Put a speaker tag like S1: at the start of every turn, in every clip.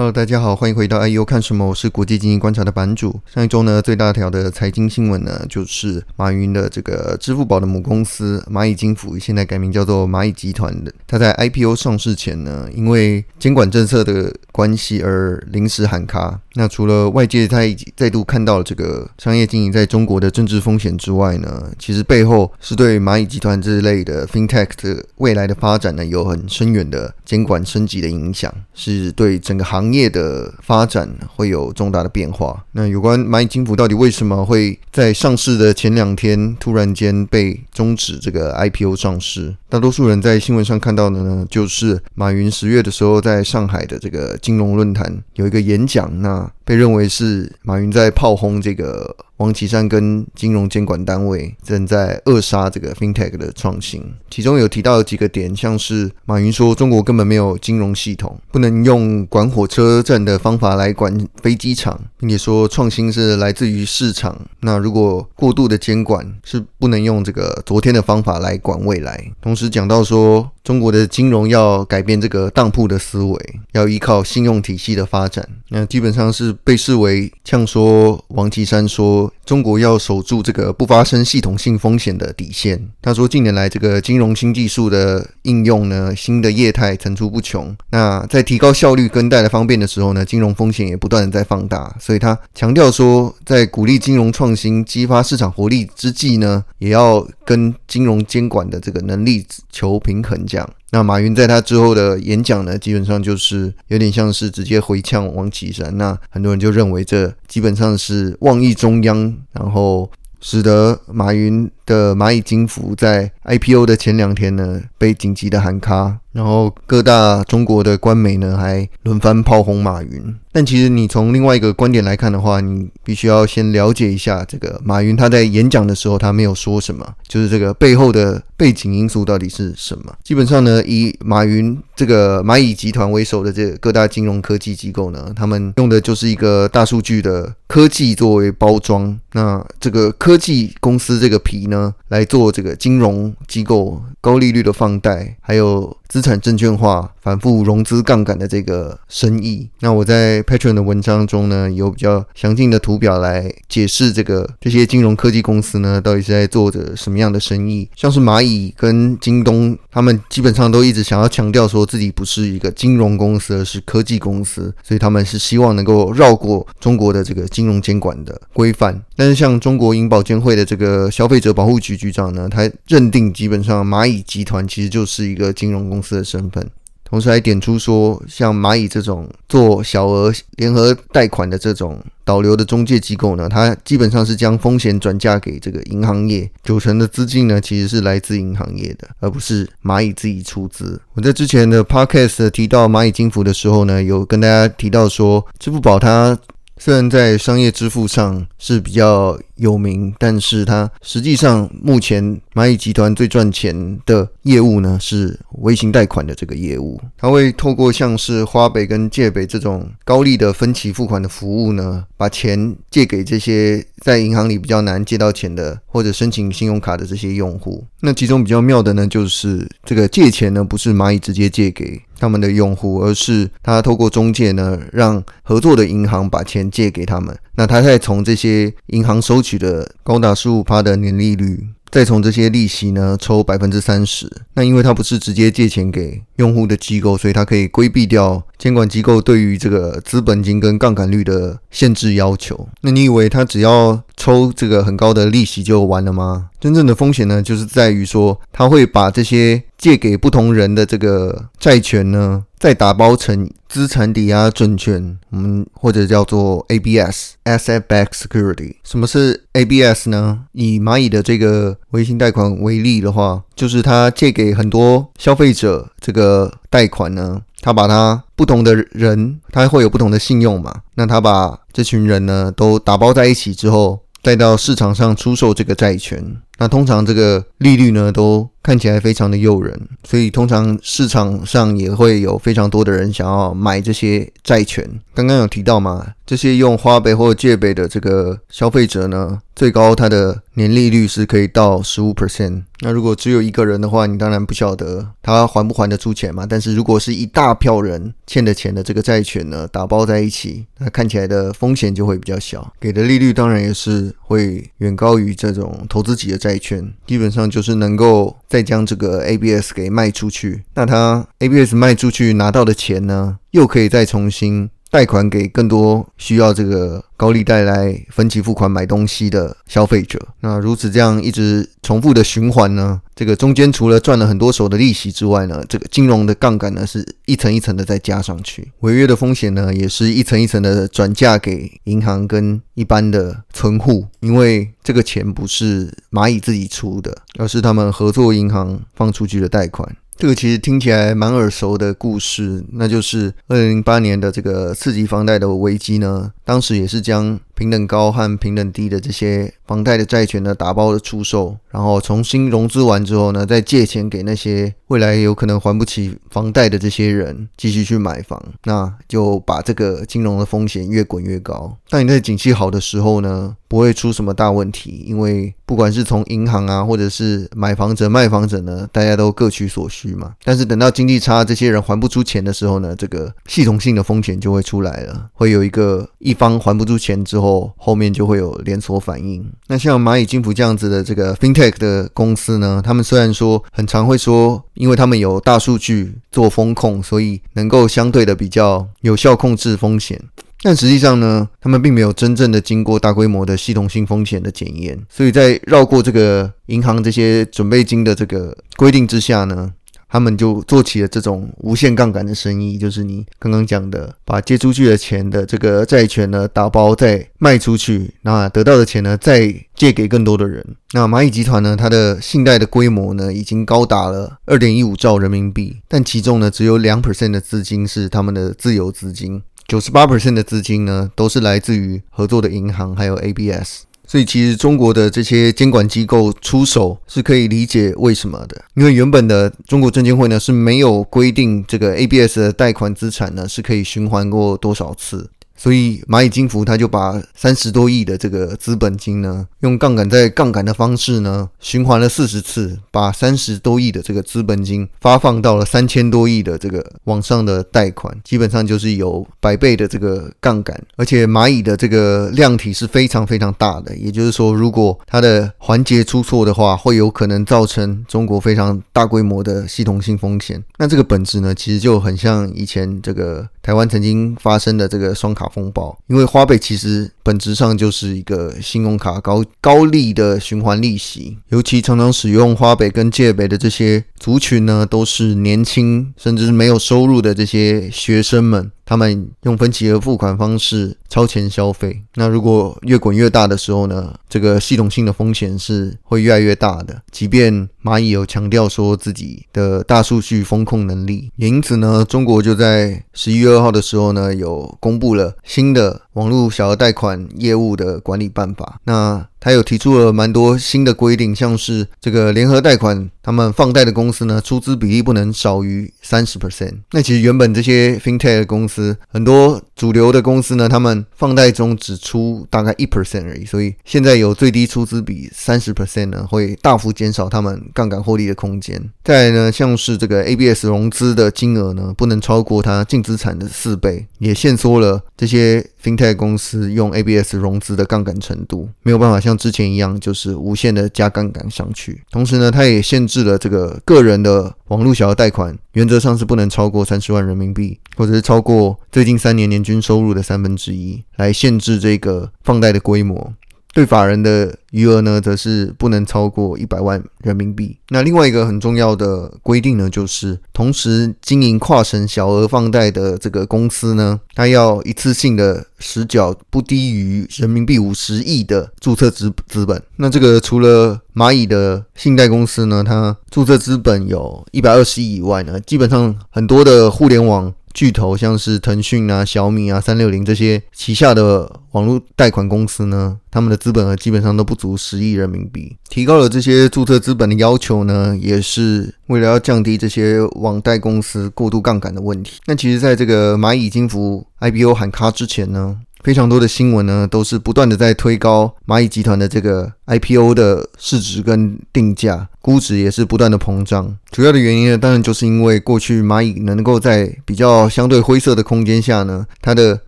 S1: Hello，大家好，歡迎回到 IEO 看什麼？我是國際經濟觀察的版主。上一周呢，最大條的財經新聞呢，就是馬雲的這個支付寶的母公司螞蟻金服，現在改名叫做螞蟻集團的。它在 IPO 上市前呢，因為監管政策的關係而臨時喊卡。那除了外界他已再度看到了這個商業經營在中國的政治風險之外呢，其實背後是對螞蟻集團這一類的 fintech 的未來的發展呢，有很深遠的監管升級的影響，是對整個行業的發展會有重大的變化。那有關螞蟻金服到底為什麼會在上市的前兩天突然間被終止這個 IPO 上市？大多數人在新聞上看到的呢，就是馬雲十月的時候在上海的這個金融論壇有一個演講，那被認為是馬雲在炮轟這個王岐山跟金融監管單位正在扼殺這個 fintech 的創新。其中有提到幾個點，像是馬雲說中國根本沒有金融系統，不能用管火車站的方法來管飛機場，並且說創新是來自於市場。那如果過度的監管是不能用這個昨天的方法來管未來，同時。是講到說，中國的金融要改變這個當鋪的思維，要依靠信用體系的發展。那基本上是被視為，像說王岐山說，中國要守住這個不發生系統性風險的底線。他說，近年來這個金融新技術的應用呢，新的業態層出不窮。那在提高效率跟帶來方便的時候呢，金融風險也不斷的在放大。所以他強調說，在鼓勵金融創新、激發市場活力之際呢，也要跟金融監管的這個能力求平衡講。加那馬雲在他之後的演講呢，基本上就是有點像是直接回嗆王岐山。那很多人就認為這基本上是妄議中央，然後使得馬雲的螞蟻金服在 IPO 的前兩天呢被緊急的喊卡。然後各大中國的官媒呢還輪番炮轟馬雲，但其實你從另外一個觀點來看的話，你必須要先了解一下這個馬雲他在演講的時候他沒有說什麼，就是這個背後的背景因素到底是什麼？基本上呢，以馬雲這個螞蟻集團為首的這個各大金融科技機構呢，他們用的就是一個大數據的科技作為包裝，那這個科技公司這個皮呢來做這個金融機構高利率的放貸，還有資。資產證券化、反覆融資槓桿的這個生意。那我在 Patreon 的文章中呢，有比較詳盡的圖表來解釋這個這些金融科技公司呢，到底是在做着什麼樣的生意。像是螞蟻跟京東，他們基本上都一直想要強調說自己不是一個金融公司，而是科技公司，所以他們是希望能夠繞過中國的這個金融監管的規範。但是像中國銀保監會的這個消費者保護局局長呢，他認定基本上螞蟻集團其實就是一個金融公司的身份，同時還點出說，像螞蟻這種做小額聯合貸款的這種導流的中介機構呢，它基本上是將風險轉嫁給這個銀行業，九成的資金呢其實是來自銀行業的，而不是螞蟻自己出資。我在之前的 podcast 提到螞蟻金服的時候呢，有跟大家提到說，支付寶它雖然在商業支付上是比較有名，但是他實際上目前螞蟻集團最賺錢的業務呢，是微型貸款的這個業務。他會透過像是花唄跟借唄這種高利的分期付款的服務呢，把錢借給這些在銀行裡比較難借到錢的，或者申請信用卡的這些用戶。那其中比較妙的呢，就是這個借錢呢，不是螞蟻直接借給他們的用戶，而是他透過中介呢，讓合作的銀行把錢借給他們。那他再從這些銀行收取，取得高達十五趴的年利率，再從這些利息呢抽百分之三十。那因為它不是直接借錢給用戶的機構，所以它可以規避掉監管機構對於這個資本金跟槓桿率的限制要求。那你以為他只要抽這個很高的利息就完了嗎？真正的風險呢，就是在於說，他會把這些。借給不同人的這個債權呢，再打包成資產抵押證券，我們，嗯，或者叫做 ABS（Asset Backed Security）。什麼是 ABS 呢？以螞蟻的這個微信貸款為例的話，就是他借給很多消費者這個貸款呢，他把他不同的人，他會有不同的信用嘛，那他把這群人呢都打包在一起之後，再到市場上出售這個債權。那通常這個利率呢，都看起來非常的誘人，所以通常市場上也會有非常多的人想要買這些債權。剛剛有提到嘛，這些用花唄或借唄的這個消費者呢，最高他的年利率是可以到十五 percent。那如果只有一個人的話，你當然不曉得他還不還得出錢嘛。但是如果是一大票人欠的錢的這個債權呢，打包在一起，那看起來的風險就會比較小，給的利率當然也是會遠高於這種投資級的債。債券基本上就是能夠再將這個 ABS 給賣出去，那他 ABS 賣出去拿到的錢呢，又可以再重新，貸款給更多需要這個高利貸來分期付款買東西的消費者。那如此這樣一直重複的循環呢，這個中間除了賺了很多手的利息之外呢，這個金融的槓桿呢是一層一層的再加上去，違約的風險呢也是一層一層的轉嫁給銀行跟一般的存戶，因為這個錢不是螞蟻自己出的，而是他們合作銀行放出去的貸款。這個其實聽起來蠻耳熟的故事，那就是二零零八年的這個次級房貸的危機呢，當時也是將。評等高和評等低的這些房貸的債權呢，打包了出售，然後重新融資完之後呢，再借錢給那些未來有可能還不起房貸的這些人，繼續去買房，那就把這個金融的風險越滾越高。當你在景氣好的時候呢，不會出什麼大問題，因為不管是從銀行啊，或者是買房者、賣房者呢，大家都各取所需嘛。但是等到經濟差，這些人還不出錢的時候呢，這個系統性的風險就會出來了，會有一個一方還不出錢之後。後面就會有連鎖反應。那像螞蟻金服這樣子的這個 fintech 的公司呢，他們雖然說很常會說，因為他們有大數據做風控，所以能夠相對的比較有效控制風險。但實際上呢，他們並沒有真正的經過大規模的系統性風險的檢驗，所以在繞過這個銀行這些準備金的這個規定之下呢。他們就做起了這種無限槓桿的生意，就是你剛剛講的，把借出去的錢的這個債權呢打包再賣出去，那得到的錢呢再借給更多的人。那螞蟻集團呢，它的信貸的規模呢已經高達了二點一五兆人民幣，但其中呢只有兩 percent 的資金是他們的自有資金，九十八 percent 的資金呢都是來自於合作的銀行還有 ABS。所以，其實中國的這些監管機構出手是可以理解為什麼的，因為原本的中國證監會呢是沒有規定這個 ABS 的貸款資產呢是可以循環過多少次。所以螞蟻金服它就把三十多億的這個資本金呢，用槓桿在槓桿的方式呢，循環了四十次，把三十多億的這個資本金發放到了三千多億的這個網上的貸款，基本上就是有百倍的這個槓桿，而且螞蟻的這個量體是非常非常大的，也就是說，如果它的環節出錯的話，會有可能造成中國非常大規模的系統性風險。那這個本質呢，其實就很像以前這個。台灣曾經發生的這個雙卡風暴，因為花唄其實本質上就是一個信用卡高高利的循環利息，尤其常常使用花唄跟借唄的這些族群呢，都是年輕甚至是沒有收入的這些學生們。他們用分期和付款方式超前消費，那如果越滾越大的時候呢，這個系統性的風險是會越來越大的。即便螞蟻有強調說自己的大數據風控能力，也因此呢，中國就在十一月二號的時候呢，有公布了新的網絡小額貸款業務的管理辦法。那他有提出了蠻多新的規定，像是這個聯合貸款，他們放貸的公司呢，出資比例不能少於三十 percent。那其實原本這些 FinTech 公司，很多主流的公司呢，他們放貸中只出大概一 percent 而已。所以現在有最低出資比三十 percent 呢，會大幅減少他們槓桿獲利的空間。再來呢，像是這個 ABS 融資的金額呢，不能超過它淨資產的四倍，也限縮了這些 FinTech 公司用 ABS 融資的槓桿程度，沒有辦法像，像之前一樣，就是無限的加槓桿上去。同時呢，它也限制了這個個人的網絡小額貸款，原則上是不能超過三十萬人民幣，或者是超過最近三年年均收入的三分之一，來限制這個放貸的規模。對法人的餘額呢，則是不能超過一百萬人民幣。那另外一個很重要的規定呢，就是同時經營跨省小額放貸的這個公司呢，它要一次性的實繳不低於人民幣五十億的註冊資資本。那這個除了螞蟻的信貸公司呢，它註冊資本有一百二十億以外呢，基本上很多的互聯網。巨頭像是騰訊啊、小米啊、三六零這些旗下的網絡貸款公司呢，他們的資本額基本上都不足十億人民幣。提高了這些注冊資本的要求呢，也是為了要降低這些網貸公司過度槓桿的問題。那其實，在這個螞蟻金服 IPO 喊卡之前呢。非常多的新聞呢，都是不斷的在推高螞蟻集團的這個 IPO 的市值跟定價，估值也是不斷的膨脹。主要的原因呢，當然就是因為過去螞蟻能夠在比較相對灰色的空間下呢，它的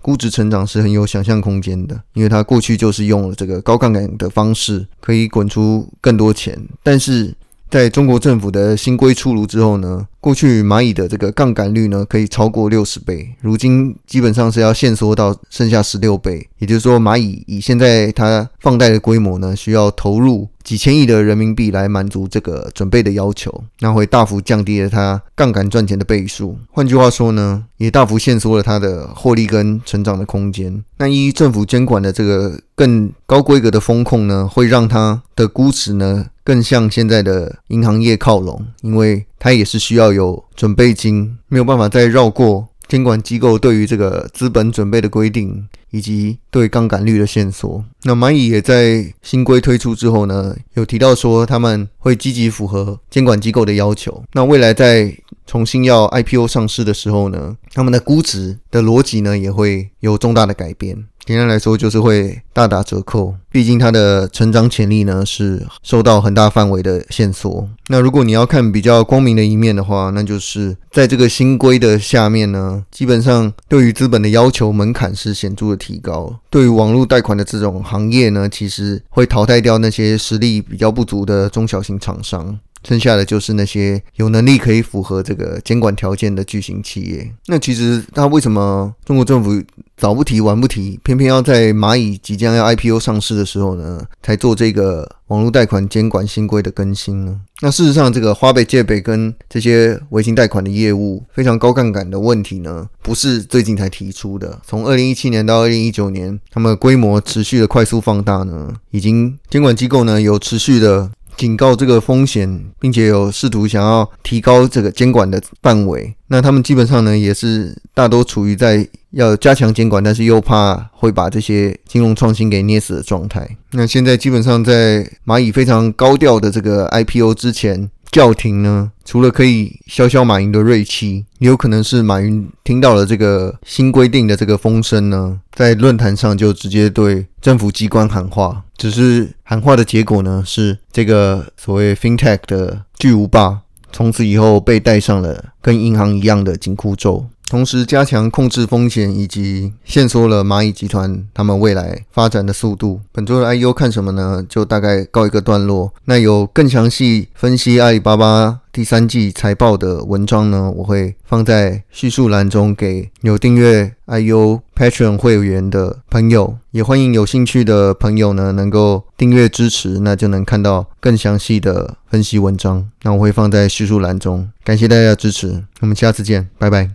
S1: 估值成長是很有想象空間的，因為它過去就是用了這個高槓桿的方式，可以滾出更多錢，但是。在中國政府的新規出爐之後呢，過去螞蟻的這個槓桿率呢可以超過六十倍，如今基本上是要限縮到剩下十六倍。也就是說，螞蟻以現在它放貸的規模呢，需要投入幾千億的人民幣來滿足這個準備的要求，那會大幅降低了它槓桿賺錢的倍數。換句話說呢，也大幅限縮了它的獲利跟成長的空間。那依政府監管的這個更高規格的風控呢，會讓它的估值呢？更向現在的銀行業靠攏，因為它也是需要有準備金，沒有辦法再繞過監管機構對於這個資本準備的規定，以及對槓桿率的限縮。那螞蟻也在新規推出之後呢，有提到說他們會積極符合監管機構的要求。那未來在重新要 IPO 上市的時候呢，他們的估值的邏輯呢也會有重大的改變。簡單來說，就是會大打折扣。畢竟它的成長潛力呢，是受到很大範圍的限縮。那如果你要看比較光明的一面的話，那就是在這個新規的下面呢，基本上對於資本的要求門檻是顯著的提高。對於網絡貸款的這種行業呢，其實會淘汰掉那些實力比較不足的中小型廠商。剩下的就是那些有能力可以符合這個監管條件的巨型企業。那其實他為什麼中國政府早不提晚不提，偏偏要在螞蟻即將要 IPO 上市的時候呢，才做這個網絡貸款監管新規的更新呢？那事實上，這個花唄、借唄跟這些微信貸款的業務非常高槓桿的問題呢，不是最近才提出的。從2017年到2019年，他們的規模持續的快速放大呢，已經監管機構呢有持續的。警告這個風險，並且有試圖想要提高這個監管的範圍。那他們基本上呢，也是大多處於在要加強監管，但是又怕會把這些金融創新給捏死的狀態。那現在基本上在螞蟻非常高調的這個 IPO 之前。叫停呢？除了可以消消馬雲的銳氣，也有可能是馬雲聽到了這個新規定的這個風聲呢，在論壇上就直接對政府機關喊話。只是喊話的結果呢，是這個所謂 fintech 的巨無霸，從此以後被戴上了跟銀行一樣的緊箍咒。同時加強控制風險，以及限縮了螞蟻集團他們未來發展的速度。本周的 IEO 看什麼呢？就大概告一個段落。那有更詳細分析阿里巴巴第三季財報的文章呢，我會放在敘述欄中給有訂閱 IEO Patreon 會員的朋友。也歡迎有興趣的朋友呢能夠訂閱支持，那就能看到更詳細的分析文章。那我會放在敘述欄中。感謝大家的支持，我們下次見，拜拜。